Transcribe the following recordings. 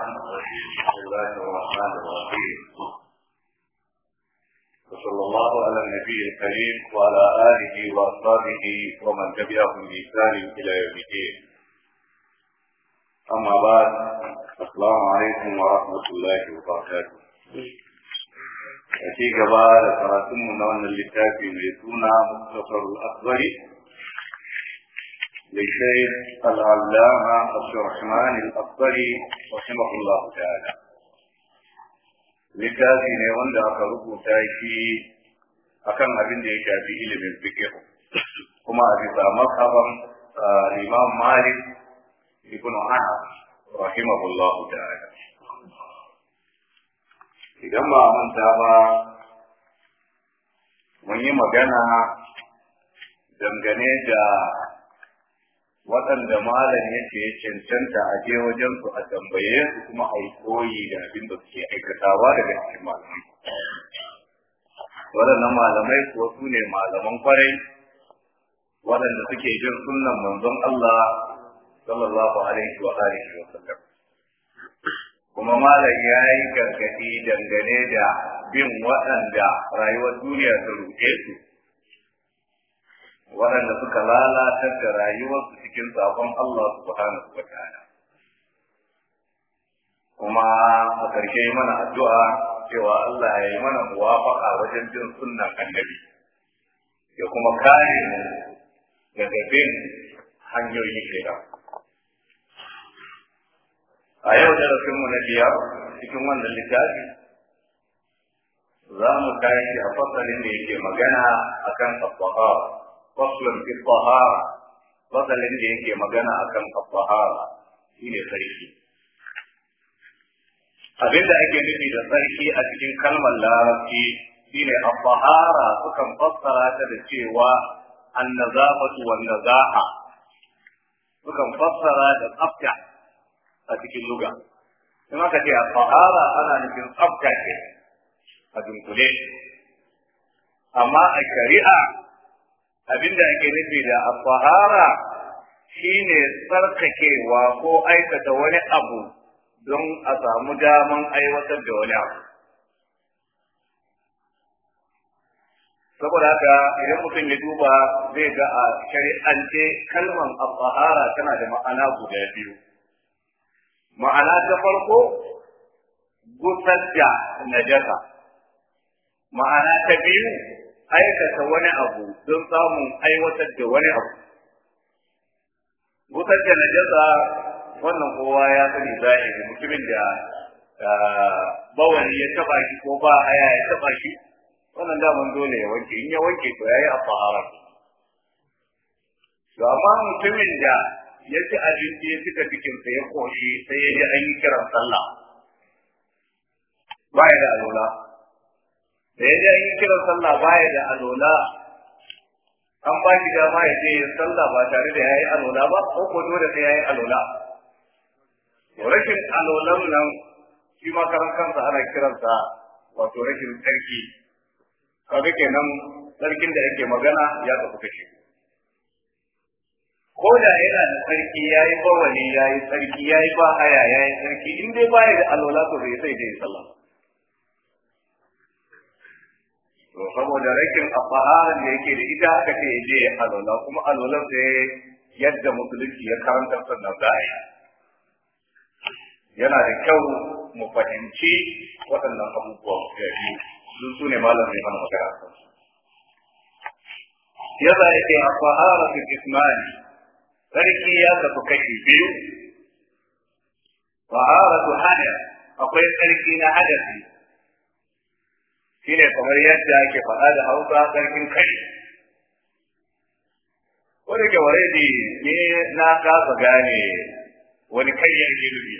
بسم الله الرحمن الرحيم وصلى الله على النبي الكريم وعلى آله وأصحابه ومن تبعهم بإحسان إلى يوم الدين أما بعد السلام عليكم ورحمة الله وبركاته أتيك بعد فراتم من اللتاف يسونا مختصر الأكبر لشيخ العلامة عبد الرحمن الأفضلي رحمه الله تعالى لكاذي نيوان دا أقرب متايكي أكام أبن دي كاذي إلي من فكر كما أبدا مصحبا آه، الإمام مالك يكون عام رحمه الله تعالى إذا من تابا من يمجانا دمجانيجا waɗanda malam yake ya cancanta a je wajen su a tambaye su kuma a yi koyi da abin da suke aikatawa daga cikin malamai. Waɗannan malamai kuwa su ne malaman kwarai waɗanda suke jin sunan manzon Allah sallallahu alaihi wa alihi wa sallam. Kuma malam ya yi gargaɗi dangane da bin waɗanda rayuwar duniya ta rufe su. waɗanda suka lalatar da rayuwarsu cikin sabon Allah subhanahu wa ta'ala kuma a ƙarshe mana addu'a cewa Allah ya yi mana muwafaqa wajen bin sunnan annabi ya kuma kare mu daga bin hanyoyin shida a yau darasinmu na biyar cikin wannan littafi za mu tashi a fasalin da yake magana akan kan faslun fi tahara fasalin da yake magana akan tahara shine sarki abin da ake nufi da sarki a cikin kalmar larabci shine at-tahara sukan fassara ta da cewa an-nazafatu wan-nazaha sukan fassara da tsafta a cikin luga in aka ce at-tahara ana nufin tsafta ce a dunkule amma a shari'a abinda ake nufi da afahara shine tsarkakewa ko aikata wani abu don a samu daman aiwatar da wani abu saboda haka idan mutum ya duba zai ga a shari'ance kalman afahara tana da ma'ana guda biyu ma'ana ta farko gusar da najasa ma'ana ta biyu aikata wani abu don samun aiwatar da wani abu wutar da najasa wannan kowa ya sani zahiri mutumin da ah, bawani ya taba shi ko ba haya ya taba shi wannan daman dole ya wanke in ya wanke to yayi afara to amma mutumin da ya ci abinci ya cika cikin sa ya koshi sai ya ji an yi kiran sallah ba ya da alola. da dai, ji an yi kiran sallah baya da alola an ba shi dama ya je sallah ba tare da ya yi alola ba ko ko dole sai ya yi alola rashin alolan nan shi ma karan kansa ana kiransa wato rashin tsarki kaga kenan tsarkin da ake magana ya tafi kashe ko da yana da tsarki ya yi bawali ya yi tsarki ya yi ba haya ya yi tsarki in dai baya da alola to bai sai dai sallah to saboda rakin afaharan da yake da ita aka ce je alola kuma alwalan sai yadda musulunci ya karanta sannan za a yi yana da kyau mu fahimci waɗannan abubuwa guda biyu sun su ne malam mai mana magana kan su yadda yake afahara fil ismani sarki ya tafi kashi biyu fahara hada akwai sarki na hadasi shine kamar yadda ake faɗa da hausa sarkin kai wani ke ware ne ne na kasa gane wani kanyar girbi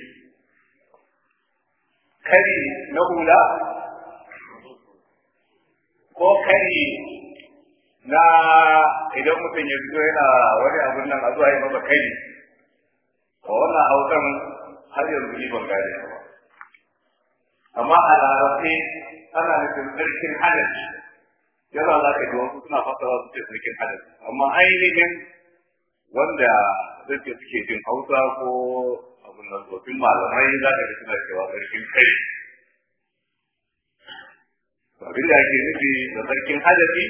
kari na hula ko kari na idan mutum ya fito yana wani abin nan a zuwa yi masa kari ko wannan hausan har yanzu ban gane ba amma a larabce ana nufin sarkin halaci yana za ka ji wasu suna fasara su ce sarkin halaci amma ainihin wanda suke suke jin hausa ko abin da tsofin malamai za ka ji suna cewa sarkin kai abin da ake nufi da sarkin shi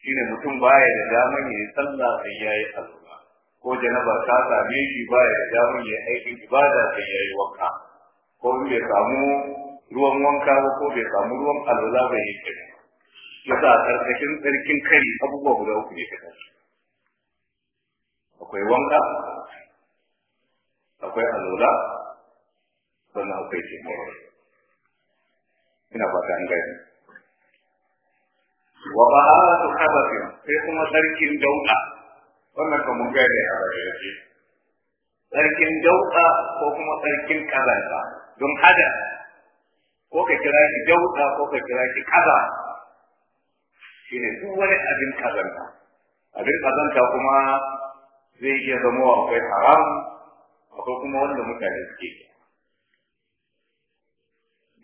shine mutum baya da daman ya yi sallah sai ya yi azuma ko janaba ta same shi baya da daman ya yi aikin ibada sai ya yi wanka ko ya samu ruwan wanka ba ko bai samu ruwan alwala ba ya ke yasa a karkashin tsarkin kari abubuwa guda uku ne ka akwai wanka akwai alwala sannan akwai taimako ina ba ta an wa ba a su kabarin sai kuma sarkin dauka wannan ka mun gaya da ya ba da sarkin dauka ko kuma sarkin kazanta don hada ko ka kira shi dauda ko ka kira shi kaza ne duk wani abin kazanta abin kazanta kuma zai iya zama akwai haram akwai kuma wanda mutane suke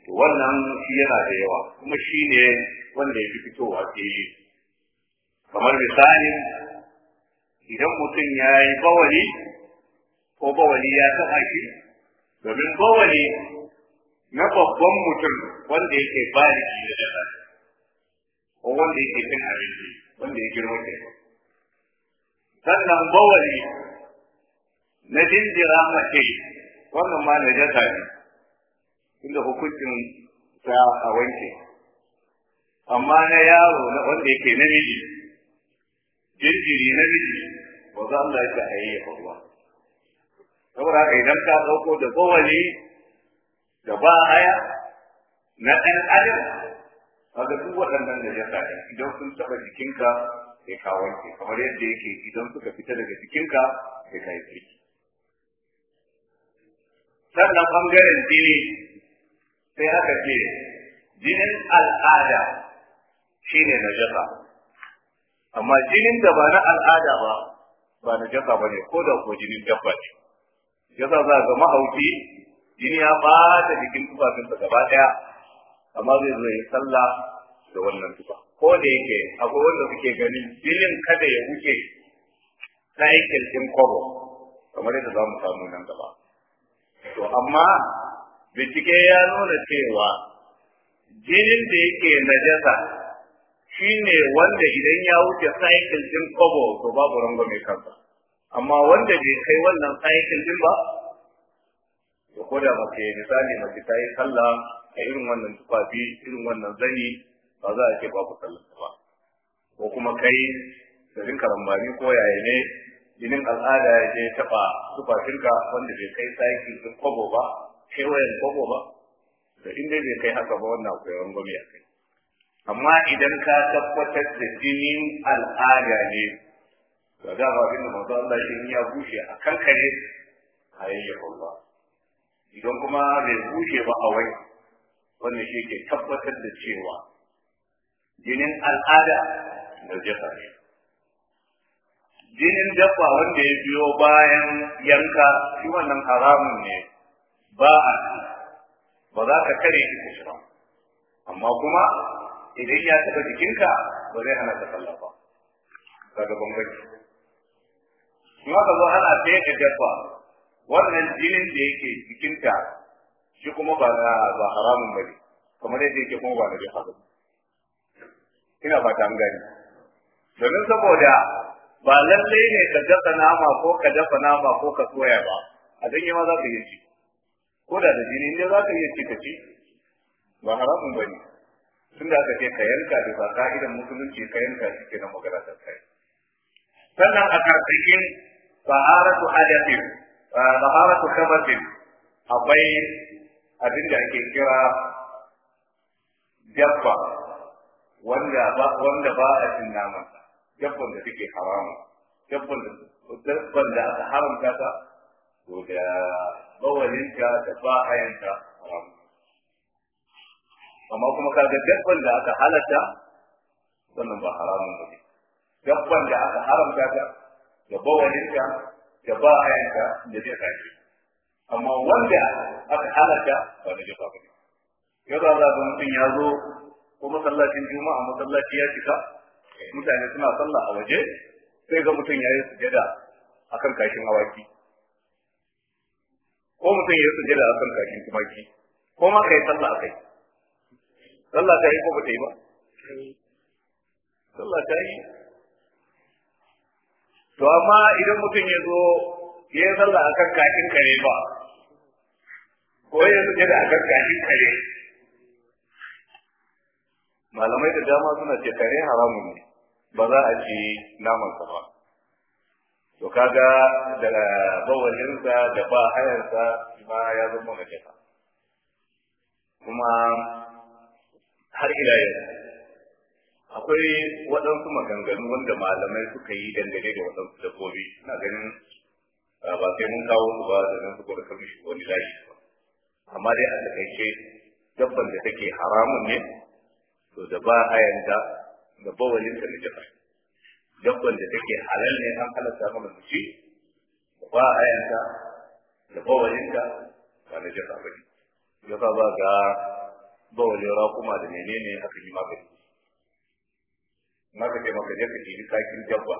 to wannan shi yana da yawa kuma shi ne wanda ya fi fitowa kamar misali idan mutum ya yi bawali ko bawali ya taɓa shi domin bawali na babban mutum wanda yake baliki da dada ko wanda yake cin abinci wanda ya girma ke sannan bawali na jinjira mace wannan ma na jasa ne inda hukuncin ta a wanke amma na yaro na wanda yake namiji jinjiri namiji ba za Allah ya ta ayyuka ruwa saboda idan ka dauko da bawali da ba haya na ɗan adam kaga duk waɗannan da ya sa idan sun taɓa jikinka sai ka wanke kamar yadda yake idan suka fita daga jikinka sai ka yi tsirki sannan ɓangaren jini sai aka ce jinin al'ada shi ne na jasa amma jinin da ba na al'ada ba ba na jasa ba ne ko da ko jinin dabba ce. jasa za ga mahauki jini ya da jikin tufafinsa gaba daya amma zai zo ya sallah da wannan tufa ko da yake akwai wanda suke ganin jinin kada ya wuce cycle din kwabo kamar yadda za mu samu nan gaba to amma bincike ya nuna cewa jinin da yake najasa ne wanda idan ya wuce cycle din kwabo to babu rangwame kansa amma wanda bai kai wannan cycle din ba to ko da mace misali mace ta yi sallah a irin wannan tufafi irin wannan zani ba za a ce ku sallah ba ko kuma kai da rinka rambani ko yaya ne jinin al'ada ya je taɓa tufafinka wanda bai kai saki din kwabo ba kai wayan kwabo ba da in bai kai haka ba wannan akwai rangwami a kai amma idan ka tabbatar da jinin al'ada ne ga dama abin da manzo Allah shi ya bushe a kankare a Allah idan kuma bai bushe ba a wai wanda shi ke tabbatar da cewa jinin al'ada da jefa ne jinin dabba wanda ya biyo bayan yanka shi wannan haramun ne ba a ba za ka kare shi kusa ba amma kuma idan ya taɓa jikinka ba zai hana ka sallah ba daga bambanci. Kuma ka zo hana ɗaya da dabba wannan jinin da yake jikinta shi kuma ba ba haramun bane kamar yadda yake kuma ba na jiha ba ina fata an gani domin saboda ba lallai ne ka dafa nama ko ka dafa nama ko ka soya ba a janye ma za ka yi ci ko da da jini ne za ka yi ci ka ci ba haramun bane tun da aka ce ka yanka da ba ka'idan musulunci ka yanka shi ke nan magana ta kai sannan a karkashin fa'aratu hadafin taharatu ah, kamatin akwai abin da ake kira jabba wanda ba wanda ba a cin naman jabban da take haramu jabban da jabban da aka haramta ta to da bawalinta da yanka haramu amma kuma kaga dabban da aka halatta wannan ba haramun ba ne dabban da aka haramta ta da bawalinta da ba hayanta da zai sake amma wanda aka halatta ba da ba bane yau za ga mutum ya zo ko masallacin juma'a masallaci ya cika mutane suna sallah a waje sai ga mutum ya yi sujada kan kashin awaki ko mutum ya yi sujada kan kashin tumaki ko ma kai sallah akai sallah ta yi ko ba ta yi ba sallah ta yi to amma idan mutum ya zo ya yi a kan kashin kare ba ko ya zo da kan kashin kare malamai da dama suna ce kare haramun ne ba za a ci naman ba to kaga da bawalinsa da ba hayarsa ma ya zama mace kuma har ila yau akwai waɗansu maganganu wanda malamai suka yi dangane da waɗansu dabbobi na ganin ah, ba sai mun kawo su ba da nan suka kan shi wani layi ba amma dai a takaice dabban da take haramun ne to da ba hayanta da da na jafa dabban da take halal ne an halatta mana su ci da ba hayanta da ba na jafa ba ne jafa ba ga bawalin kuma da menene haka yi magani maka ce maka je ka ɗibi sakin dabba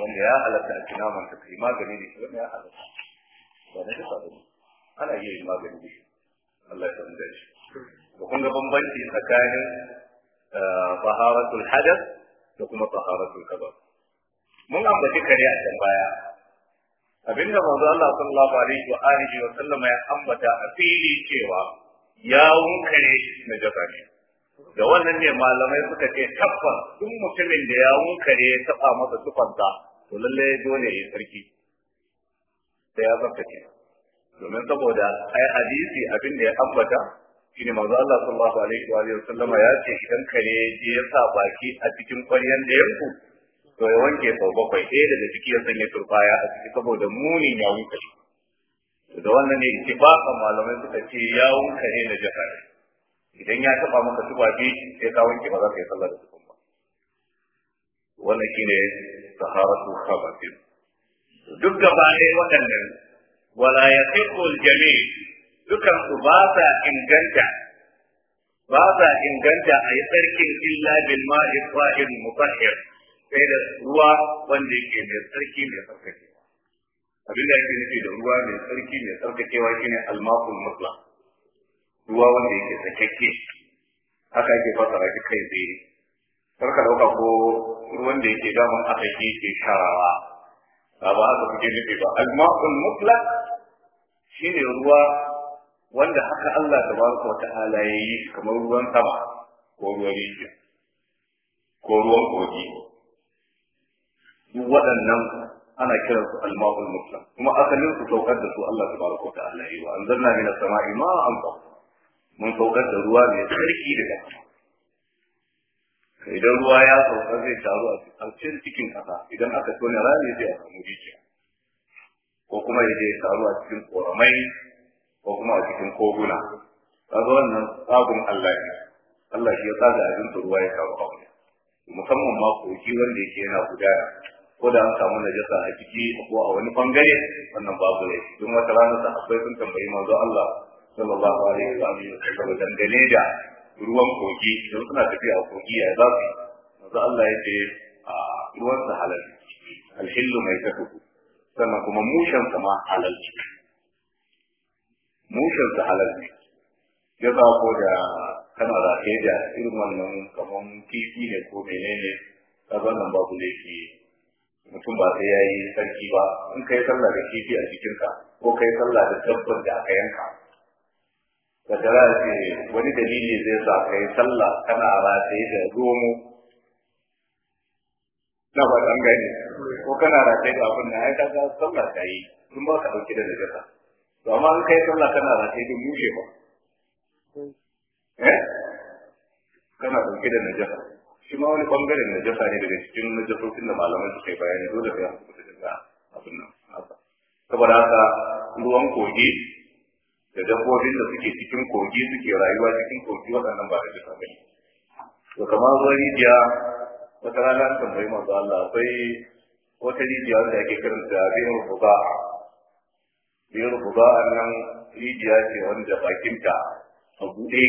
wanda ya halatta a cikin naman ka kai magani ne, shi wanda ya halatta ba na kasa ba ana iya yin magani ne. Allah ya san da shi to kun ga bambanci tsakanin taharatul eh, hadath da kuma taharatul kabar mun ambaci kare a can baya abinda manzo Allah sallallahu alaihi wa alihi wa sallama ya ambata a fili cewa yawun kare na jasa da wannan ne malamai suka ce tabbas duk mutumin da ya wunkare ya taba masa tufansa to lalle dole ya sarki sai ya tsaftace domin saboda ai hadisi abin da ya ambata shine manzo Allah sallallahu alaihi wa sallama ya ce idan kare je ya sa baki a cikin ƙwaryan da yanku to ya wanke sau bakwai ɗaya daga ciki ya sanya turbaya a ciki saboda munin ya wunkare da wannan ne ittifaqan malamai suka ce ya wunkare na jahannam idan ya taba maka tufafi sai ka wanke ba za ka yi sallah da tukun ba wannan shine taharatu khabatin duk gaba ne waɗannan wala yaqiqu al-jami' dukan su ba sa inganta ba sa inganta a yi tsarkin illa bil ma'i fa'il mutahhir sai da ruwa wanda yake mai tsarki mai tsarkakewa abin da yake nufi da ruwa mai tsarki mai tsarkakewa shine al-ma'ul mutlaq ruwa wanda yake sakakke haka yake fasara shi kai tsaye karka dauka ko ruwan da yake damun a yi ke sharawa ba ba haka kuke nufi ba al-ma'ul mutlaq shine ruwa wanda haka Allah tabaraka wa ta'ala ya yi kamar ruwan sama ko ruwan rijiya ko ruwan kogi duk waɗannan ana kiran su al-ma'ul mutlaq kuma asalin su saukar da su Allah tabaraka wa ta'ala ya yi wa anzalna minas sama'i ma'an mun saukar da ruwa mai tsarki daga sama idan ruwa ya sauka zai taru a cikin cikin idan aka tone rami zai a samu rijiya ko kuma ya je taru a cikin koramai ko kuma a cikin koguna kaga wannan tsagun Allah ne Allah shi ya tsaga abin ruwa ya taru a wani musamman ma kogi wanda yake yana gudana ko da an samu najasa a ciki ko a wani bangare wannan babu laifi don wata rana akwai sun tambayi manzo Allah sallallahu alaihi wa alihi wasallam dangane da ruwan kogi don suna tafiya a kogi ya za su Allah ya ce a ruwan sa halal alhillu mai tafuku sannan kuma mushen sa ma halal mushen sa halal ne ya ba ko da kana rafe da irin wannan kifi ne ko menene kaga nan babu laifi mutum ba sai yayi sarki ba in kai sallah da kifi a jikinka ko kai sallah da dabbar da aka yanka da tara ce wani dalili zai sa kai sallah kana rataye da romo na ba dan gani ko kana rataye da abin nan ai ka ga sallah kai kun ba ka dauki da ta to amma in kai sallah kana rataye da mushe ba eh kana dauki da najasa shi ma wani bangaren najasa ne daga cikin najasofin da malaman suke bayani dole sai an kuta da abin nan saboda haka ruwan kogi da dabbobin da suke cikin kogi suke rayuwa cikin kogi waɗannan ba da duka bane to kamar ruwan rijiya wata rana an tambayi manzo Allah akwai wata rijiya wanda ake karanta biyan ruba biyan ruba nan rijiya ce wanda bakinta a buɗe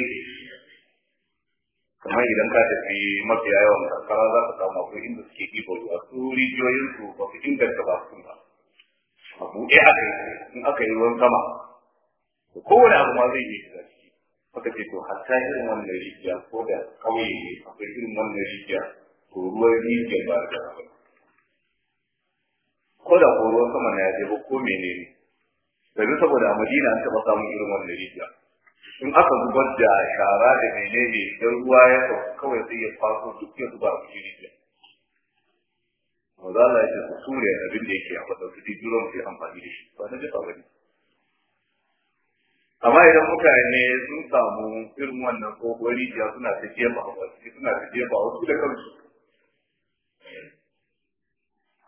kamar idan ka tafi mafiya yawan karkara za ka samu akwai inda suke ɗiba ruwa su rijiyoyinsu ba su inganta ba su ba a buɗe aka yi in aka yi ruwan sama kowane abu ma zai iya shiga ciki haka ce to hatta irin wannan rijiya ko da kauye ne akwai irin wannan rijiya to ruwan rijiya ba da ba ko da ko ruwan sama na ya je ba ko menene yanzu saboda a madina an taɓa samun irin wannan rijiya in aka zubar da shara da menene idan ruwa ya sauka kawai sai ya faso duk ya zuba a cikin rijiya maza Allah ya ce su suriya abin da yake a faɗa su dijiron sai amfani da shi ba na jefa ba ne amma idan mutane sun samu irin wannan tsohuwar rijiya suna ta jefa a wasu suna ta ba a wasu da kansu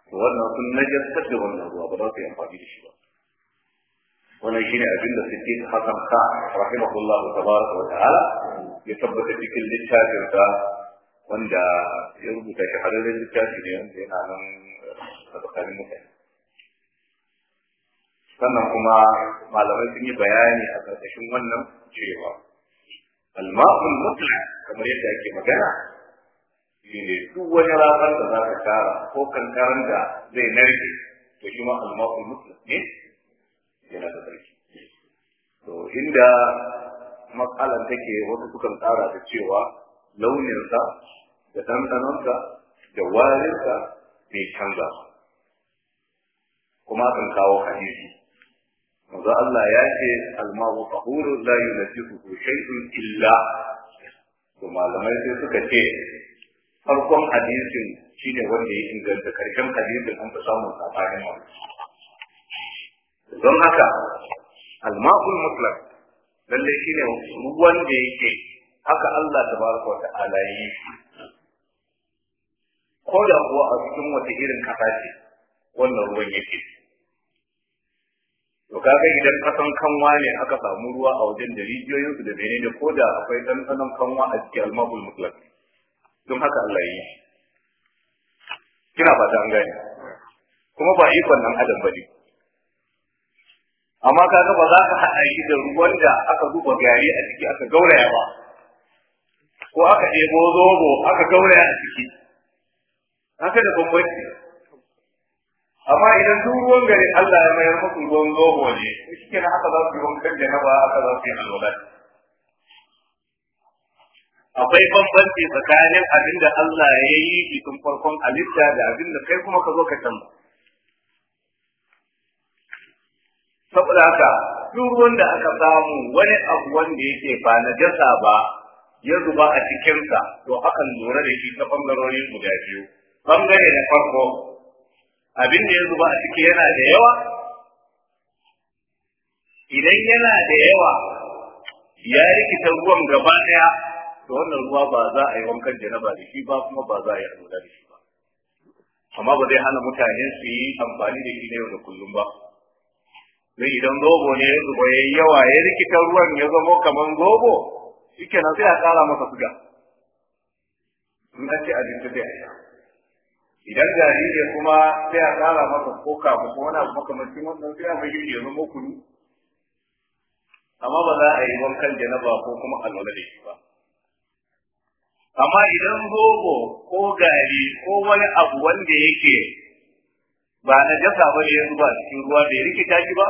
to wannan sun najasar da wannan ruwa ba za su yi amfani da shi ba wannan shine abin da suke hasan ka rahimahullahu tabaraka wa ta'ala ya tabbata cikin littafin sa wanda ya rubuta shahararren littafi ne wanda yana nan a tsakanin mutane sannan kuma malamai sun yi bayani a ƙarƙashin wannan cewa alma'ul mutla kamar yadda ake magana shi ne duk wani ranar da za ka tara ko kankaran da zai narke to shi ma alma'ul mutla ne yana da sarki to inda matsalan take wasu sukan tsara da cewa launinsa da ɗanɗanonsa da warinsa bai canza kuma kan kawo hadisi manzo Allah ya ce almahu tahuru la yunajjisuhu shay'un illa to malamai sai suka ce farkon hadisin shine wanda ya inganta karshen hadisin an fi samun sabanin wani don haka alma'ul mutlaq lalle shine ruwan da yake haka Allah tabaraka wa ta'ala yi ko da kuwa a cikin wata irin kasa ce wannan ruwan yake to kaga idan kasan kanwa ne aka samu ruwa a wajen da rijiyoyin su da bene ko da akwai san-sanan kanwa a cikin almahul mutlaq don haka Allah yi kina ba an gane kuma ba ikon nan adam bane amma kaga ba za ka haɗa shi da ruwan da aka zuba gari a ciki aka gauraya ba ko aka ɗebo zobo aka gauraya a ciki haka da bambanci amma idan duk ruwan gari Allah ya mayar musu ruwan zobo ne shi kenan haka za su yi wankan ba haka za su yi alwala akwai bambanci tsakanin abin da Allah ya yi shi tun farkon halitta da abin da kai kuma ka zo ka can. saboda haka duk ruwan da aka samu wani abu wanda yake ba na jasa ba ya zuba a cikinsa to akan lura da shi ta bangarorin guda biyu bangare na farko abin da ya zuba a ciki yana da yawa idan yana da yawa ya rikita ruwan gaba daya to wannan ruwa ba za a yi wankan janaba da shi ba kuma ba za a yi da shi ba amma ba zai hana mutane su yi amfani da shi na yau da kullum ba don idan zobo ne ya zuba ya yawa ya rikita ruwan ya zama kamar zobo shi kenan sai a kara masa suga in an ce abinci zai a idan jariri kuma sai a tsara masa koka ko wani abu makamancin wannan sai a mai ya zama kunu amma ba za a yi wankan janaba ko kuma alwala da shi ba amma idan zobo ko gari ko wani abu wanda yake ba na jasa ba ne ya zuba cikin ruwa da ya rikita shi ba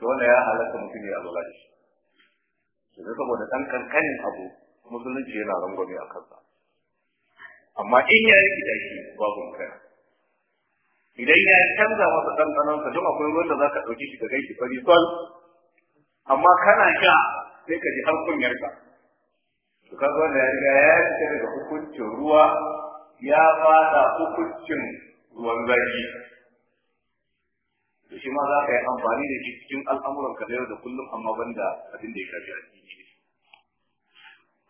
to wanda ya halatta mutum ya alwala da shi saboda ɗan kankanin abu musulunci yana rangwame a kansa amma in ya yi rikita shi babu magana idan ya canza masa sa don akwai ruwan da za ka ɗauki shi ka kai fari sol amma kana sha sai ka ji har kunyarka to ka zo da ya riga ya fita daga hukuncin ruwa ya fada hukuncin ruwan zafi to shi ma za ka yi amfani da shi cikin al'amuran ka da kullum amma banda abin da ya shafi shi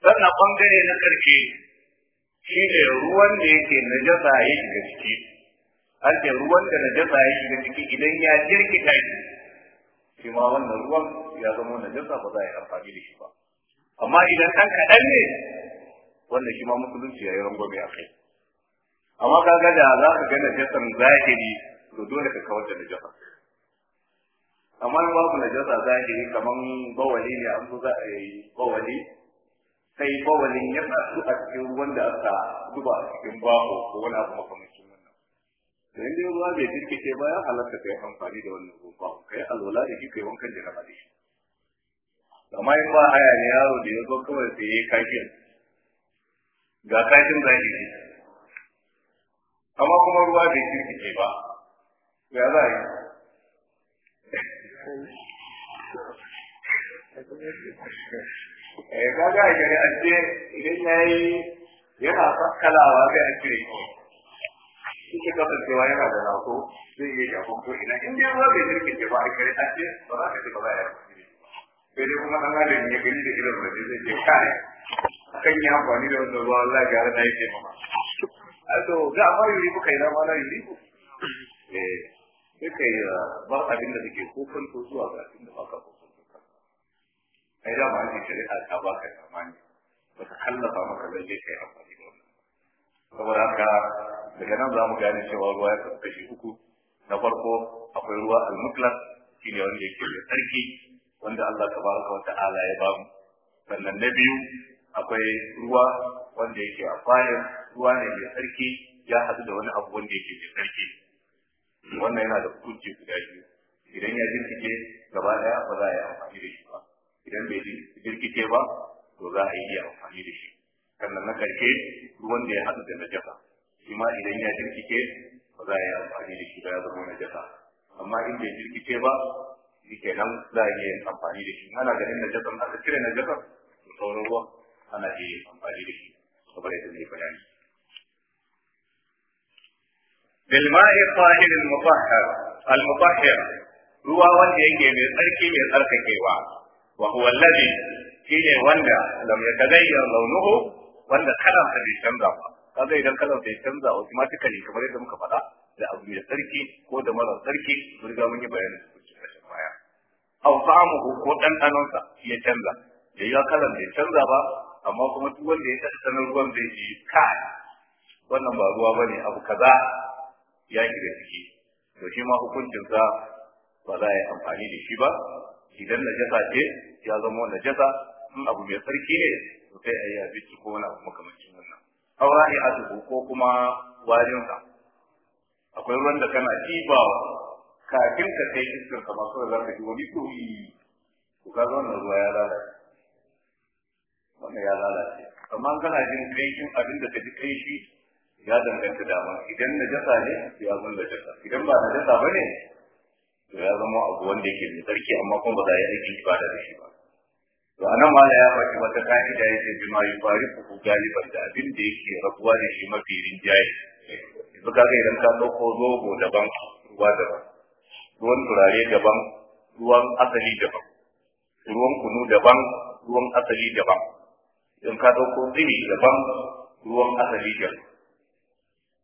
sannan bangare na ƙarshe shi ne ruwan da yake najasa ya shiga ciki an ce ruwan da najasa ya shiga ciki idan ya jirkita shi shi ma wannan ruwan ya zama najasa ba za a yi amfani da shi ba amma idan an kaɗan ne wanda shi ma musulunci ya yi rangwame a kai amma ka ga da za ka ga najasan zahiri to dole ka kawar da najasa amma in babu najasa zahiri kaman bawali ne an za a yi bawali sai bawalin ya tsatsu a cikin ruwan da aka zuba a cikin baho ko wani abu makamancin wannan to inda ruwa bai jirkice ba ya halatta yi amfani da wannan ruwan baho kai alwala da kika yi wankan da rama da shi amma in ba haya ne yaro da ya zo kawai sai ya yi kashin ga kashin yi. amma kuma ruwa bai jirkice ba ya za a yi eh kaga a shari'ance idan ya yi yana kakkalawa zai a cire kawai suke kasancewa yana da rato zai yi shafin ko ina in dai ruwa bai jirgin da ba a shari'ance ba za ka ci ba za a yi sai dai kuma ɗan adam ya gani da irin da zai ce kare akan yi amfani da wannan ruwa Allah ya gara da yake mama to ga amma yuri kuka yi rama na yuri eh sai kai ah, bar abin da suke ko kan zuwa ga abin ba ka ko ai da ba ne shari'a ta baka dama ne ba ta kallafa maka lalle kai amfani ba wannan saboda haka daga nan za mu gane cewa ruwa ya kashi uku na farko akwai ruwa al muklas shi ne wanda yake da sarki, wanda Allah tabaraka wa ta'ala ya ba mu sannan na biyu akwai ruwa wanda yake a bayan ruwa ne mai sarki, ya haɗu da wani abu wanda yake mai sarki. wannan yana da hukunci guda biyu idan ya jirkice gaba ɗaya ba za a yi amfani da shi idan bai jirkice ba to za a iya amfani da shi sannan na karshe ruwan da ya haɗu da najasa shi ma idan ya jirkice ba za a yi amfani da shi ba ya zama najasa amma in bai jirkice ba shi kenan za a iya amfani da shi ana ganin najasan aka cire najasan to sauran ruwan ana iya amfani da shi saboda yadda zai bayani بالماء الطاهر المطهر المطهر ruwa wanda yake mai tsarki mai tsarkakewa wa huwa alladhi shine wanda lam yataghayyar launuhu wanda kalan bai canza ba kaga idan kalan bai canza automatically kamar yadda muka faɗa da abu mai tsarki ko da mara tsarki mun riga mun yi bayanin su cikin rashin baya ko ɗanɗanon sa ya canza da ya kalan bai canza ba amma kuma wanda ya ɗanɗanon ruwan bai yi kai wannan ba ruwa bane abu kaza ya shiga ciki to shi ma hukuncinsa ba za a yi amfani da shi ba idan najasa ce ya zama jasa, in abu mai tsarki ne to sai a yi abinci ko wani abu makamancin wannan Aura ne a ko kuma warinsa akwai ruwan da kana ɗibawa kafin ka kai iskar ka masu da ka ji wani yi to ka zauna ruwa ya lalace wannan ya lalace amma kana jin kaishin abin da ka ji kaishi ya danganta dama idan najasa ne ya zama jasa, idan ba najasa ba ne ya zama abu wanda yake mai tsarki amma kuma ba za a yi aikin ba da shi ba to a nan ma ya faɗi wata ka'ida ya ce Fari, yufariquhu galiban da abin da yake rabuwa da shi mafi rinjaye yanzu ga idan ka ɗauko zobo daban ruwa daban ruwan turare daban ruwan asali daban ruwan kunu daban ruwan asali daban idan ka ɗauko tsiri daban ruwan asali daban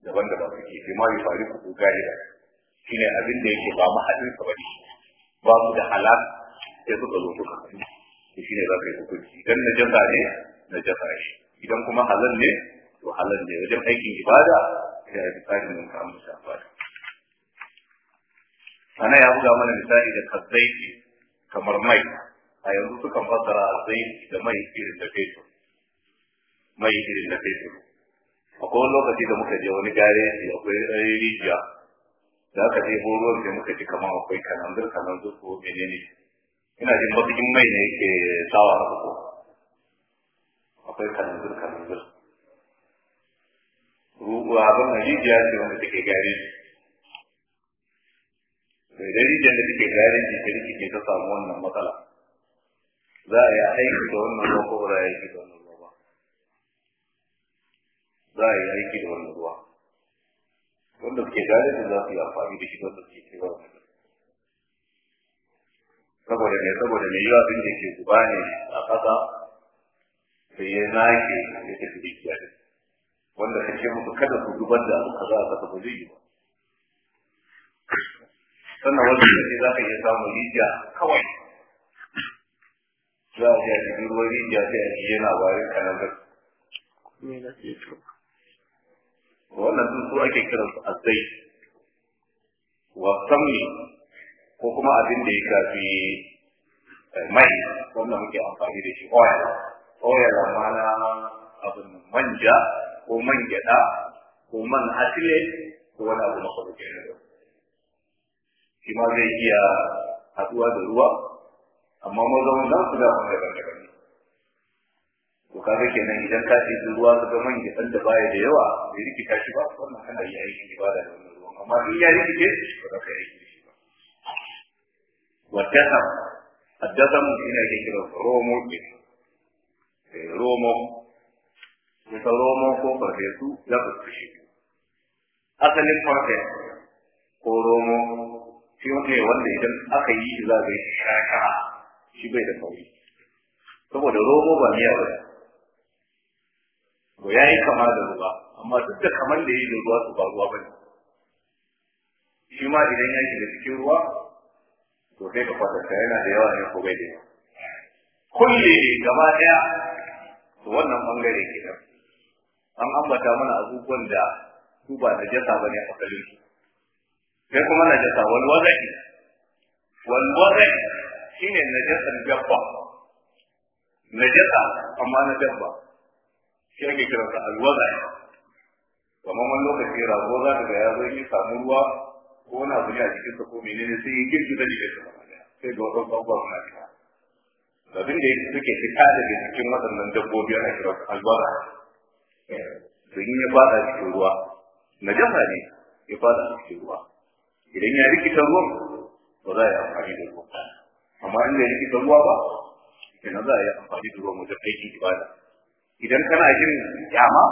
daban daban suke kake Fari, yufariquhu galiban shine abin da yake ba mahadin ka bane ba mu da halal sai suka zo suka to shine za ka yi hukunci idan na jaza ne na jaza shi idan kuma halal ne to halal ne wajen aikin ibada sai a tsari mun ka amsa ba ana ya buga mana misali da kazaiki kamar mai a yanzu sukan fassara zaiki da mai irin da fetur mai irin da fetur akwai lokaci da muka je wani gareji akwai rijiya da aka ɗebo ruwan sai muka ji kamar akwai kananzir kananzir ko menene ina jin baƙin mai ne yake sawa a ko akwai kananzir kananzir ruwa abin a rijiya ce wanda take gare shi bai da rijiyar da take gare shi ta ke ta samu wannan matsala za a yi aiki da wannan ruwa ko ba za a yi aiki da wannan ruwa za a yi aiki da wannan ruwa wanda suke gane da za su yi amfani da shi wanda suke cewa saboda ne saboda ne yiwa abin da ke zuba ne a ƙasa sai ya nage ya tafi dukiya da wanda kake musu kada ku zubar da abu kaza a ƙasa ba zai yi ba sannan wanda ne za ka iya samun rijiya kawai za a ji a cikin ruwan rijiya sai a ji yana bayan kanan gaskiya wannan sun su ake kiran su azai wa sami ko kuma abin da ya shafi eh, mai wannan muke amfani da shi oil oil ma na abin manja ko man gyada ko man asile ko wani abu na kwallo kenan shi ma zai iya haduwa da ruwa amma mazaunan su da wanda daban-daban to kaga kenan idan ka ce ruwa ka ga man gidan da baya da yawa bai rikita shi ba wannan kana yi aikin ba da wannan amma in ya shi ba za ka yi aikin shi ba wadasam addasam ina yake kira romo ke eh, romo ta romo ko da ba fuska shi asalin farfesu ko romo shi ne wanda idan aka yi shi za a yi shaka shi bai da kauri saboda romo ba miya ba ko ya yi kama da ruwa amma duk da kamar da yi da ruwa su ba ruwa ba ne shi ma idan ya shiga cikin ruwa to sai ka kwatanta yana da yawa ne ko bai da yawa kulle gaba daya to wannan bangare kenan an ambata mana abubuwan da su ba na jasa ba ne a asalin su sai kuma na jasa wani wazaki. Wani wazaki shine na jasa jabba dabba jasa amma na dabba shi ake kiransa alwaza kamar wani lokaci rago za ka ga ya zo yi samu ruwa ko wani abu ne a cikin sa ko menene sai ya da jikin sa sai ga wasu na suna da abin da suke fita daga cikin waɗannan dabbobi ana kiransa alwaza in ya fada cikin ruwa na jafa ne ya fada cikin ruwa idan ya rikita ruwan ba za a yi amfani da ruwa amma in ya rikita ruwa ba kenan za a yi amfani da ruwan wajen aikin ibada idan kana jin kyama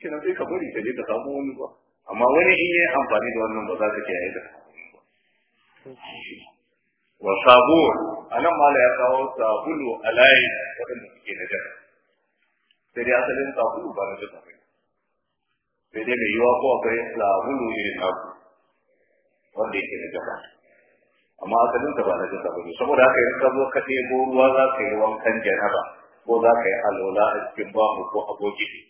kina sai ka bari ka je ka samu wani ba amma wani in yi amfani da wannan ba za ka kiyaye da wa sabur anan mala ya kawo sabulu alai wadanda suke na jaka sai dai asalin sabulu ba na jaka bane sai dai mai yiwa ko akwai sabulu irin na wanda yake na jaka amma asalin ta ba na jaka bane saboda haka in ka zo ka ɗebo ruwa za ka yi wankan janaba ko za ka yi alola a cikin bamu ko abokiti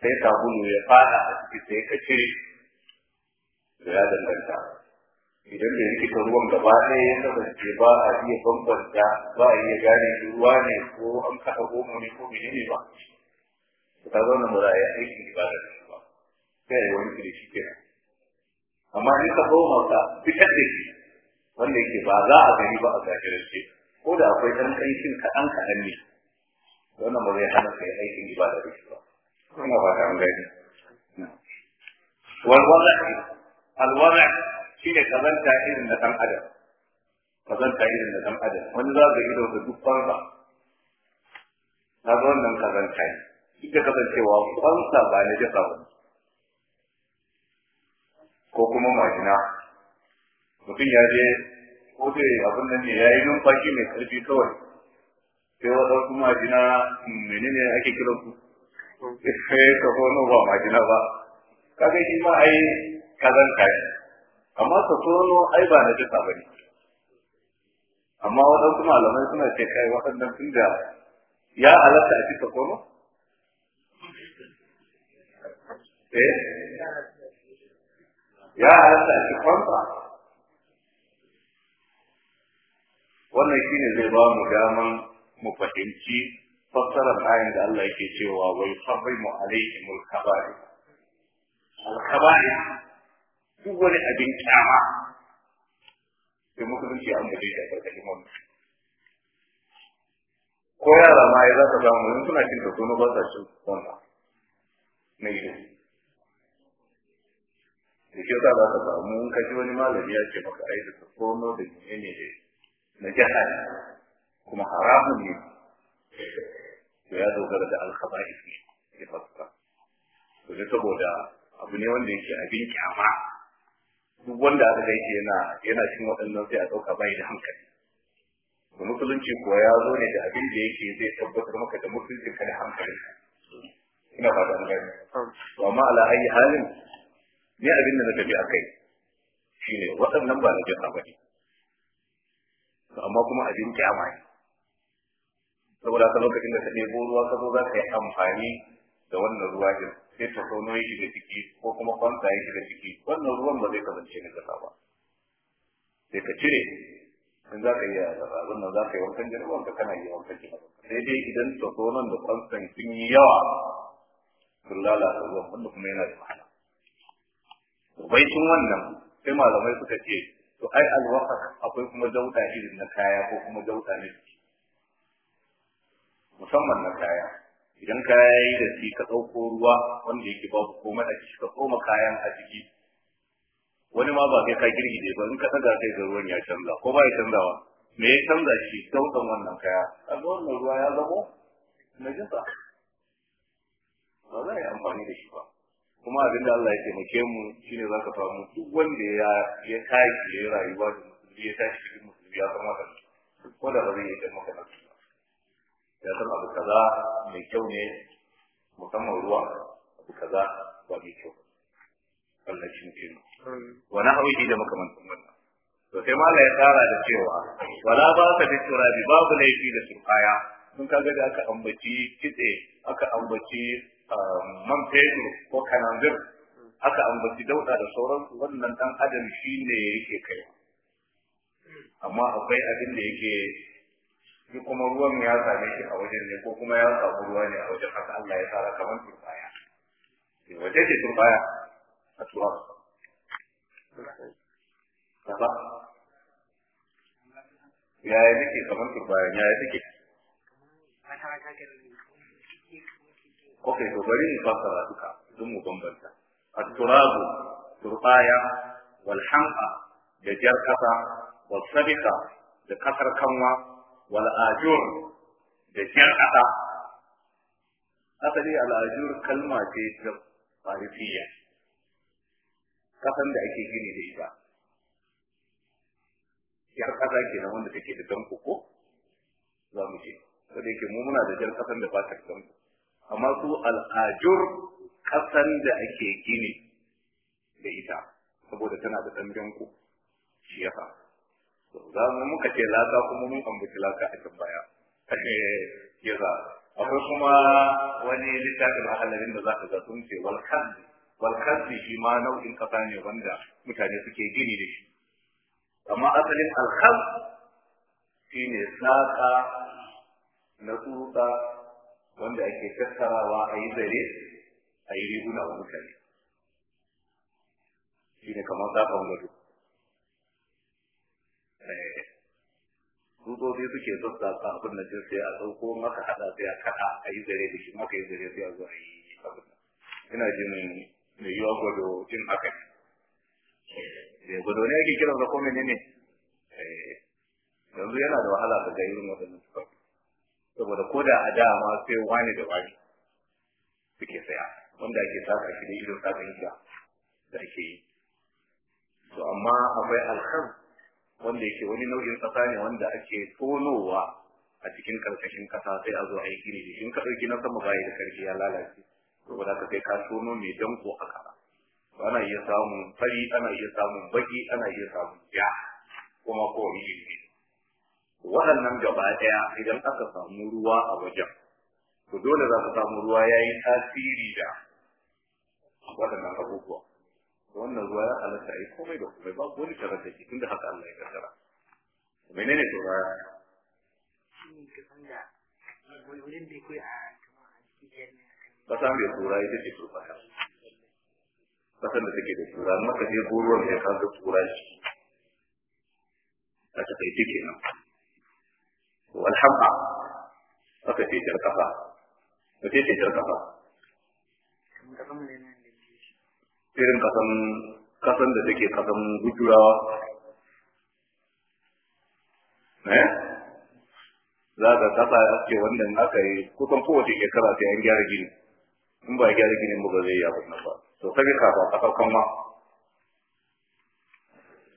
sai sabulu ya fada a ciki sai ka cire to ya danganta idan bai ta ruwan gaba ɗaya ya kasance ba a iya bambanta ba a iya gane ruwa ne ko an kaɗa goma ne ko mene ne ba ta zauna mura ya aiki ba da ba sai ya wani da shi kira amma in ka zo hausa fitar da shi wanda yake ba za a gani ba a zahirance ko da akwai ɗan ƙanshin kaɗan kaɗan ne wannan ba zai hana kai aikin ibada da shi ba ina fata an gani wal wada'i al wada' shine kazanta irin da dan adam kazanta irin da dan adam wani za ga ido da duk farba na ga wannan kazanta ne duk da kasancewa kwansa ba na jasa ba ko kuma majina mutum ya je ko dai abin nan ne ya yi numfashi mai karfi kawai sai kuma majina hmm, menene ake kira eh, ku sai ka hono ba majina ba kaga shi ma ai kazan kai amma ka hono ai ba na jisa ba ne amma kuma malamai suna ce kai waɗannan tun da ya halatta a cika hono eh ya halatta a wannan shine zai ba mu daman mu fahimci fassarar ayan da Allah yake cewa wai yuharrimu alaihim al kabari al kabari duk wani abin kyama da musulunci an da karkashin ko yara ma ya za ka samu suna cin da ba sa cin wannan na ido da ke ta za ka mun wani malami ya ce maka ai da tsono da ne ne na jihar kuma haramun ne to ya dogara da alkhaba'is ne ya fasara to ne saboda abu ne wanda yake abin kyama duk wanda aka ga yake yana yana cin waɗannan sai a ɗauka bai da hankali to musulunci kuwa ya zo ne da abin da yake zai tabbatar maka da musulunci ka da hankali ina ba da gani to amma ala ayi halin ne abin da na tafi akai shine waɗannan ba na jin abadi amma kuma abin kyama ne saboda ka lokacin da ka ɗebo ruwa ka zo za ka yi amfani da wannan ruwa din sai ta tono ya shiga ciki ko kuma kwanta ya shiga ciki wannan ruwan ba zai kasance na kasa ba sai ka cire in za ka yi a abin nan za ka yi wankan jirgin ka kana yi wankan jirgin sai dai idan ta tonon da kwantan sun yi yawa sun lalata ruwan wanda kuma yana da wahala baicin wannan sai malamai suka ce to ai alwaka akwai kuma dauda irin na kaya ko kuma dauda na musamman na kaya idan kaya yayi da shi ka ɗauko ruwa wanda yake babu komai a shi ka koma kayan a ciki wani ma ba kai ka girgije ba in ka daga kai ga ruwan ya canza ko ba ya canzawa me ya canza shi daukan wannan kaya kaga wannan ruwa ya zamo najisa ba za a yi amfani da shi ba kuma abin da Allah ya taimake mu shine za ka samu duk wanda ya ya kai ya rayuwa da musulmi ya tashi cikin musulmi ya zama da ko da ba zai yi da maka ya san abu kaza mai kyau ne musamman ruwa abu kaza ba mai kyau Allah shi mutum wani hauki da makamantan wannan to sai mala ya tsara da cewa wala ba ka bi turabi babu laifi da surkaya sun kaga da aka ambaci kitse aka ambaci um, man fetur ko Kanambir. aka ambaci dauda da sauran wannan dan adam shi ne yake kai amma akwai abin da yake shi kuma ruwan ya same shi a wajen ne ko kuma ya samu ruwa ne a wajen haka Allah ya tsara kamar turbaya eh, waje ce turbaya a tuwa Ya yi nake kamar turbaya ya yi nake Ok, to bari in fassara duka don mu bambanta. At-turabu turbaya wal da jar kasa wal sabiqa da kasar kanwa wal ajur da kyan ada asali al ajur kalma ce ta farisiya kasan da ake gini da ita jar kasa ke nan wanda take da danko ko za mu ce ko da yake mu muna da jar kasan da ba ta danko amma su al ajur kasan da ake gini da ita saboda tana da ɗan danko shi yasa za mu muka ce laka kuma mun ambaci laka a can baya yaza akwai kuma wani littafin halarin da za ka ga sun ce wal kanzi wal shi ma nau'in kasa ne wanda mutane suke gini da shi amma asalin alkhaz shi ne saka na tsutsa wanda ake tattarawa a yi zare a yi riguna wa mutane shi ne kamar zaɓen gado tsutsotsi eh. suke sassaka abin da sai sai a sauko maka hada sai a kada a yi zare da shi maka yi zare sai a zo a yi abin ina jin mai yiwa gwado jin haka ne eh, gwado ne ake kiran da kome ne ne eh, yanzu yana da wahala ka ga irin waɗannan suka saboda ko da a dama sai wani da wani suke saya wanda ake saka shi da irin sakan da ake yi to amma akwai alkhairi wanda yake wani nau'in ƙasa ne wanda ake tonowa a cikin karkashin ƙasa sai a zo a yi gini in ka ɗauki na sama baya da ƙarfi ya lalace za ka kai ka tono mai danko a ƙasa ana iya samun fari ana iya samun baki ana iya samun ja kuma kowane ilimi waɗannan gaba ɗaya idan aka samu ruwa a wajen to dole za ka samu ruwa ya yi tasiri da waɗannan abubuwa wannan ruwa ya halatta a yi komai da komai babu wani karar da shi tun da haka Allah ya kaddara menene to raya kasan mai tura ita ce turbaka kasan da take da tura maka je goruwar mai kan da tura shi a takaice kenan walhamma aka ce jar kafa aka ce jar kafa irin kasan kasan da take kasan gujurawa eh za ka kasa ce wannan aka yi kusan kowace shekara sai an gyara gini in ba gyara gini ba zai yi abin ba to sai ka ba ka kan ma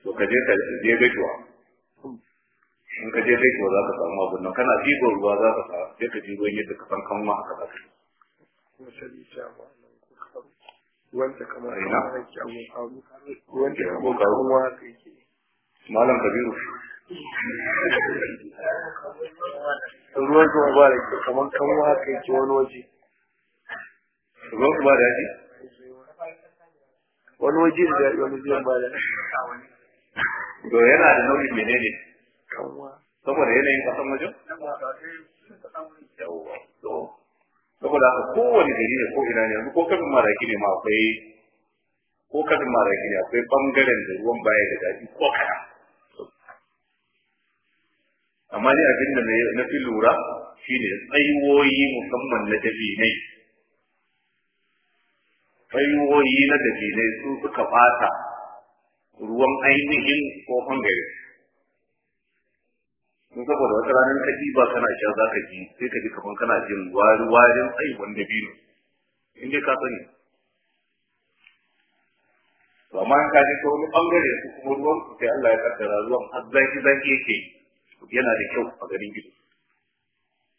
to ka je ka je gajuwa in ka je gajuwa za ka samu abin nan kana jigo ruwa za ka sa, sai ka jigo yadda ka san kan ma haka za ka yi wanda kamar an ranke abokan wanda ruwa ka yake malam kabiru ruwan kuma ba da ke kamar kanwa ka yake wani waje ruwan kuma da yaji wani waje da yaji wani biyan ba da to yana da nau'in menene saboda yanayin kasan wajen saboda haka kowane gari ne ko ina ne yanzu ko kafin maraki ne ma akwai ko kafin maraki ne akwai bangaren da ruwan baya da daɗi ko kana amma ni abin da na fi lura shi ne tsaiwoyi musamman na dabinai tsaiwoyi na dabinai su suka fata, ruwan ainihin ko bangare in saboda wata ranar ka ba kana sha za ka ji sai ka ji kamar kana jin wari warin tsaiwan da biyu in dai ka sani to amma in ka ji ta wani bangare su kuma ruwan ku sai Allah ya kaddara ruwan har zaki zaki yake yana da kyau a garin gido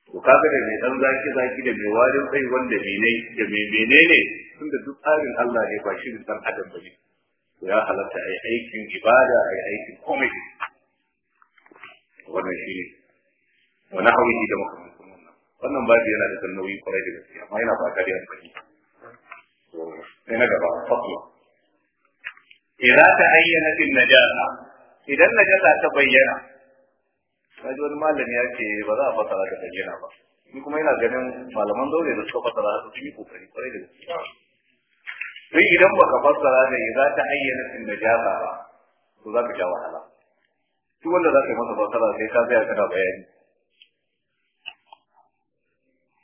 to kaga da mai dan zaki zaki da mai warin wanda bi ne da mai menene tunda duk tsarin Allah ne ba shi dan adam bane ya halatta ai aikin ibada ai aikin komai wannan shi ne wani shi da makamancin wannan wannan babu yana da nauyi kwarai da gaske amma yana fata da yan fahimta sai na gaba fatwa idan ta ayyana din najasa idan najasa ta bayyana kaji wani malami ya ce ba za a fasara ta bayyana ba ni kuma yana ganin malaman dole da suka fasara su yi kokari kwarai da gaske sai idan baka fasara da idan ta ayyana din najasa ba to za ka ja wahala duk wanda za ka yi masa fasara sai ka tsaya kana bayani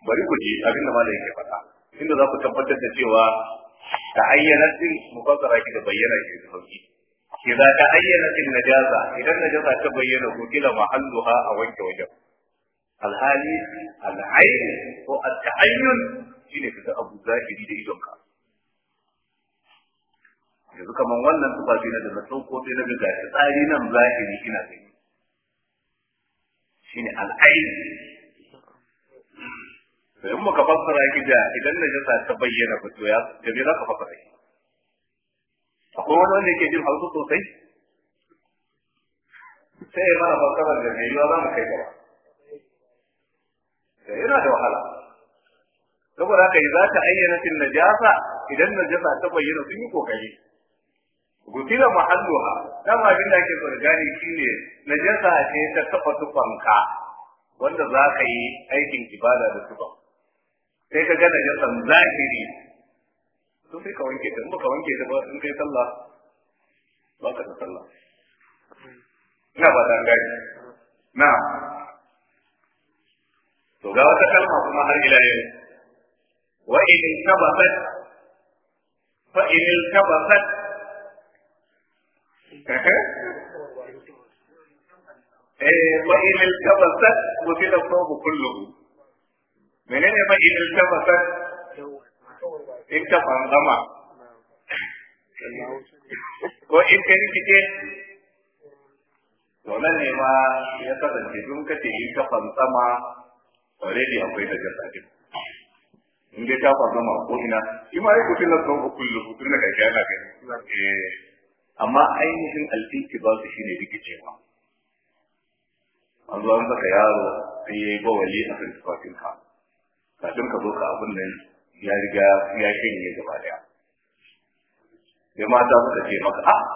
bari ku ji abin da malam ya faɗa inda za ku tabbatar da cewa ta ayyana din mufassara ki da bayyana ki da sauki za ta ayyana din najasa idan najasa ta bayyana ko kila mahalluha a wanke wajen alhali al'ayn ko at-ta'ayyun shine fita abu zahiri da idonka yanzu kaman wannan tufafi na da na sauko sai na ga shi tsari nan zahiri ina gani shine al'ain to in muka fassara ki da idan na jasa ta bayyana ba to ya da me za ka fassara ki akwai wani wanda yake jin hausa sosai sai ya mana fassara da me za mu kai ba? da yana da wahala saboda haka yi za ta ayyana cin najasa idan najasa ta bayyana sun yi kokari gutila mahalluha dan abin da ake so da gane shine najasa ce ta kafa tufanka wanda za ka yi aikin ibada da tukan sai ka ga najasa zahiri to sai ka wanke ta ba ka wanke ta ba in kai sallah ba ka sallah ina ba dan gani na to ga wata kalma kuma har ila yau wa idin tabatat fa idin tabatat وإن التبست وكل الثوب كله menene ba in iltafasa in ka ko in ka rikice to ne ma ya kasance tun ka ce in ka fansama already akwai da gasa din in dai ka fangama ko ina kullum kai amma ainihin altinki ba su shine rikicewa an zuwa an saka yaro sai ya yi bawali a kan tufafinka kafin ka zo ka abin nan ya riga ya shanye gaba daya sai mata suka ce maka a ah,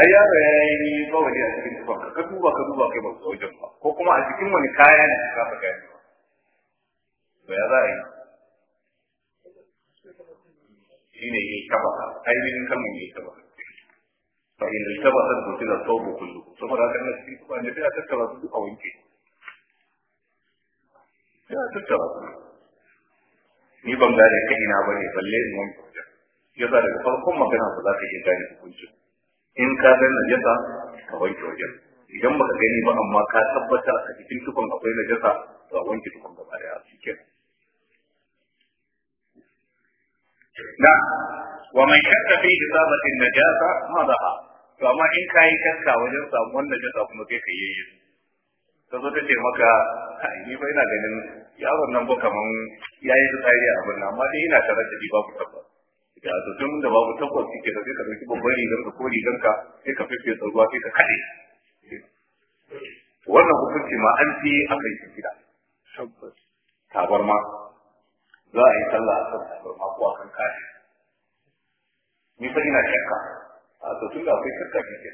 ai yaro ya yi bawali a cikin tufafinka ka duba ka duba kai ba su wajen ba ko kuma a cikin wani kaya ne ka fa gani ba ya za a yi shine yayi kabaka ainihin kamun yayi kabaka fa in kabaka to tana tawbu kullu saboda haka nan shi ko an da tattara su a wanke ya tattara ni ban gane ta ina bane balle in wanke yasa daga farkon magana ba za ka iya gane hukunci, in ka ga jasa, ka wanke wajen idan baka gani ba amma ka tabbata a cikin tukun akwai najasa to a wanke tukun gaba daya shikenan na wa man shakka fi isabati najasa ma zaha to amma in kai shakka wajen samuwar najasa kuma kai kai yayi ta zo ta ce maka ni ba yana ganin yaron nan ba kaman yayi tsari a abin amma dai ina tare da babu tabbas ga to tun da babu tabbas kike da sai ka dauki babban rigar ka ko rigar ka sai ka fifita ruwa sai ka kare wannan hukunci ma an fi akai shi gida tabarma za a yi sallah a kan tabarma ko a kan kare ni fa ina shakka a to tun da akwai shakka ke ke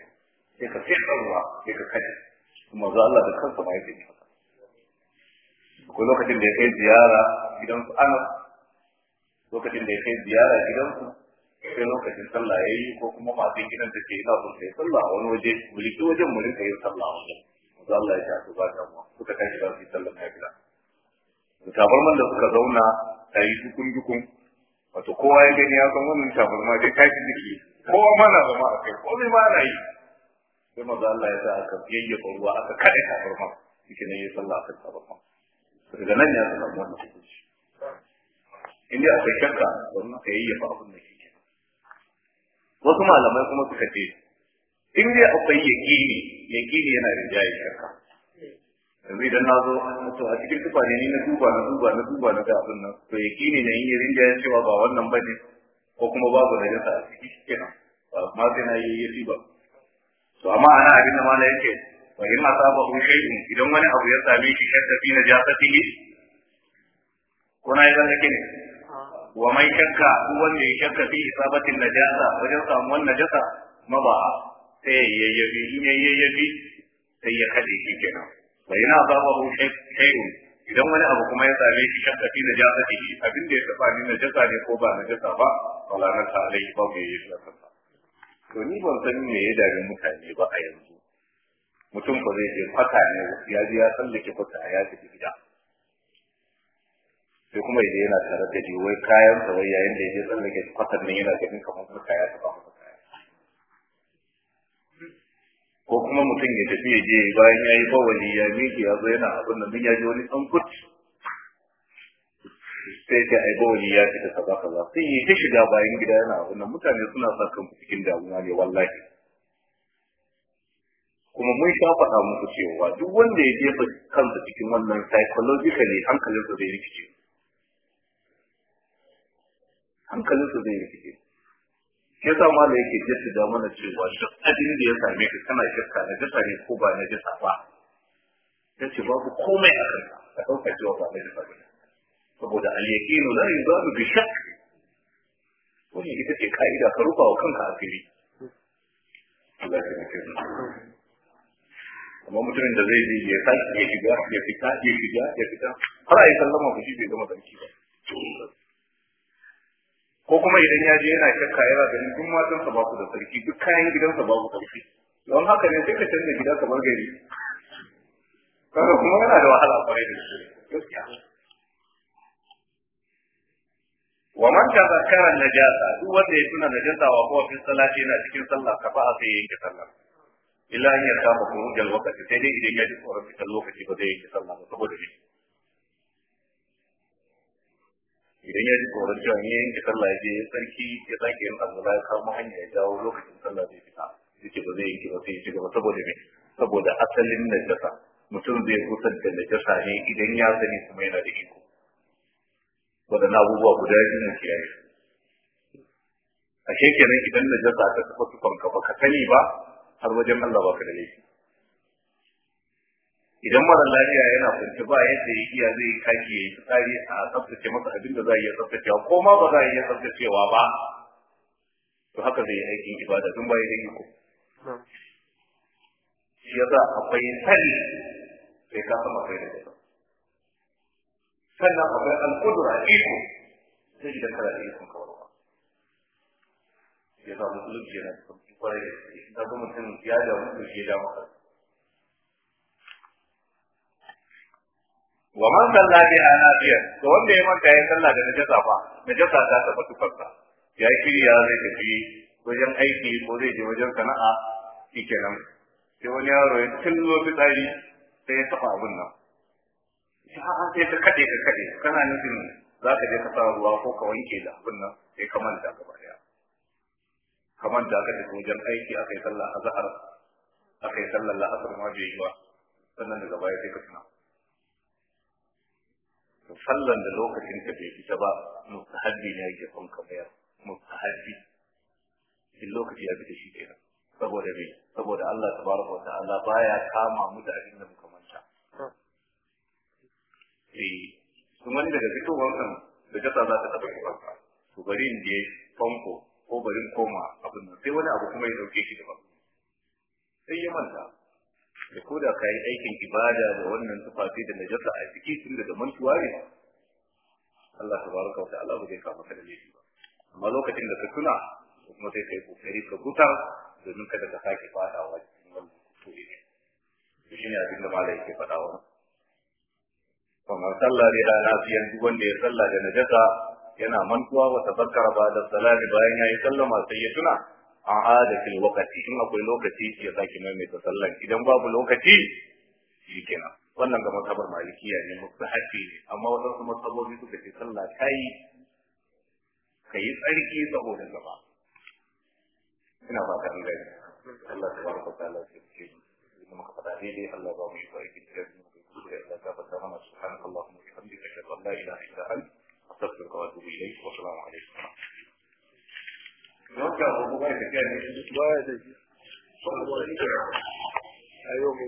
sai ka fesa ruwa sai ka kaje kuma za Allah da kansa ma yake ko lokacin da ya kai ziyara gidan su ana lokacin da ya kai ziyara gidan su sai lokacin sallah ya yi ko kuma masu gidan da ke ina sun kai sallah wani waje mulki wajen mu rinka yin sallah wajen za Allah ya su ba ta mu suka shi ba su yi sallah na gida man da suka zauna a yi dukun dukun wato kowa ya gani ya san wannan tabarma dai da ke. kowa ma na zama a kai komai ma na yi sai maza Allah ya sa aka yayyafa ruwa aka kaɗe tabarma cikin ne ya sallah akan tabarma daga nan ya zama wannan hukunci in dai akwai shakka wannan ka yayyafa abin da ke wasu malamai kuma suka ce in dai akwai yaƙini yaƙini yana rinjaye shakka yanzu idan na zo to a cikin tufa ne na duba na duba na duba na ga abin nan to yakini ne in yi rinja ya cewa ba wannan ba ne ko kuma babu da jasa a ciki kenan ba kuma sai na yi yi ba to amma ana abin da mala yake wa in asaba hu shay'un idan wani abu ya same shi shakka fi najasatihi ko na yi zan ne wa mai shakka ko wanda ya shakka fi isabatin najasa wajen samu samuwan najasa maba'a sai yayyabi in yayyabi sai ya kaje shi kenan wa yana ba wa shay'un idan wani abu kuma ya same shi shakka fi na jasa ce abin da ya taba ni na jasa ne ko ba na jasa ba wala na ta alai ba ku yi shakka to ni ban san me ya dami mutane ba a yanzu mutum ko zai je kwata ne ya ji ya san ke kwata ya ji gida sai kuma idan yana tare da wai kayan sa wai yayin da ya je tsallake kwatan ne yana ganin kamar kwata ya taba masa ko kuma mutum ya tafi ya je bayan ya yi bawali ya miƙe ya zo yana abin da ya ji wani ɗan kut sai ka ai wani ya fita kaza kaza sai ya ta shiga bayan gida yana abin da mutane suna sa kan cikin damuwa ne wallahi kuma mun sha faɗa muku cewa duk wanda ya jefa kansa cikin wannan ne hankalinsa zai rikice hankalinsa zai rikice ya sa mala yake jaddada mana cewa duk abin da ya same ka kana shirka na jasa ne ko ba na jasa ba ya ce babu komai a kanka ka ɗauka cewa ba na jasa ba saboda al-yaqinu la yuzalu bi shakk wannan ita ce ka'ida ka rufa wa kanka a fili Allah ya tafi amma mutumin da zai je ya tashi ya shiga ya fita ya shiga ya fita har a yi sallama ku shi bai gama sarki ba ko kuma idan ya je yana shakka yana ganin duk matansa ba ku da sarki duk kayan gidansa ba ku sarki don haka ne sai ka canza gida kamar gari kaga kuma yana da wahala kwarai da shi gaskiya wa man zakara najasa duk wanda ya tuna najasa wa ko fi salati yana cikin sallah ka ba sai yake sallah illa in ya kama ku gal lokaci sai dai idan ya ji tsoron fitar lokaci ba zai yake sallah ba saboda shi idan ya ji tsoron cewa ne yanke sallah ya je sarki ya sake yin abu ya kama hanya ya jawo lokacin sallah zai fita yake ba zai yanke ba sai ya ci gaba saboda me saboda asalin najasa mutum zai kusan da najasa ne idan ya sani kuma yana da iko waɗannan abubuwa guda biyu mu kiyaye ashe kenan idan najasa ta tafi tufanka ba ka sani ba har wajen Allah ba ka da laifi idan mara lafiya yana kwanci ba yadda ya iya zai kaki ya tsari a tsaftace masa abin da za a iya tsaftacewa ko ma ba za a iya tsaftacewa ba to haka zai yi aikin ibada tun ba ya da iko shi yasa akwai sani sai ka sama kai da ita sannan akwai al'udura iko sai idan kana da ikon kawarwa ya sa musulunci yana da kwarai da gaske kuma mutum ya da mutum shi ya damu wa man salla bi anafiya to wanda ya manta ya salla da najasa fa najasa ta taba tufarsa ya ya zai tafi wajen aiki ko zai je wajen sana'a shikenan sai wani yaro ya tillo fitsari sai ya taba abin nan a'a sai ka kade ka kade kana nufin za ka je ka sa ruwa ko ka wanke da abin nan sai ka manta gaba daya ka manta ka tafi wajen aiki akai sallah azhar akai sallar la'asar ma bai yi ba sannan daga baya sai ka tuna sallan da lokacin ka bai fita ba mustahabi ne yake son ka bayar mustahabi in lokaci ya fita shi kenan saboda me saboda Allah tabaraka ta'ala baya kama mu da abin da muka manta eh kuma ne daga cikin wannan da ka za ta tabbata ba to bari in je famfo ko bari koma abin nan sai wani abu kuma ya dauke shi ba sai ya manta da ko da ka yi aikin ibada da wannan tufafi da najasa a ciki tun daga mantuwa ne Allah ta baraka wa ta'ala ba zai kama ka da laifi ba amma lokacin da ka tuna ko kuma sai ka yi kokari ka gutar domin kada ka sake fadawa cikin wannan kuskure ne to shine abin da malai yake faɗa wa kuma sallah ne da lafiyan duk wanda ya sallah da najasa yana mantuwa wa tafakkara ba da salati bayan yayi sallama sai ya tuna a fil lokaci in akwai lokaci ya sake maimaita sallan idan babu lokaci shi kenan wannan ga masabar malikiya ne mustahabi ne amma wadansu masabobi suka ce sallah ta yi ka yi tsarki saboda gaba ina ba ka gani Allah ta baraka ta Allah ta ce idan muka faɗa daidai Allah ba mu shi tsarki da mu ka kuskure Allah ta faɗa mana subhanakallahumma wa bihamdika ashhadu an la ilaha illa anta astaghfiruka wa atubu ilayk wa assalamu alaikum 明天我不买，你见你，我也得。我有点儿，还有个。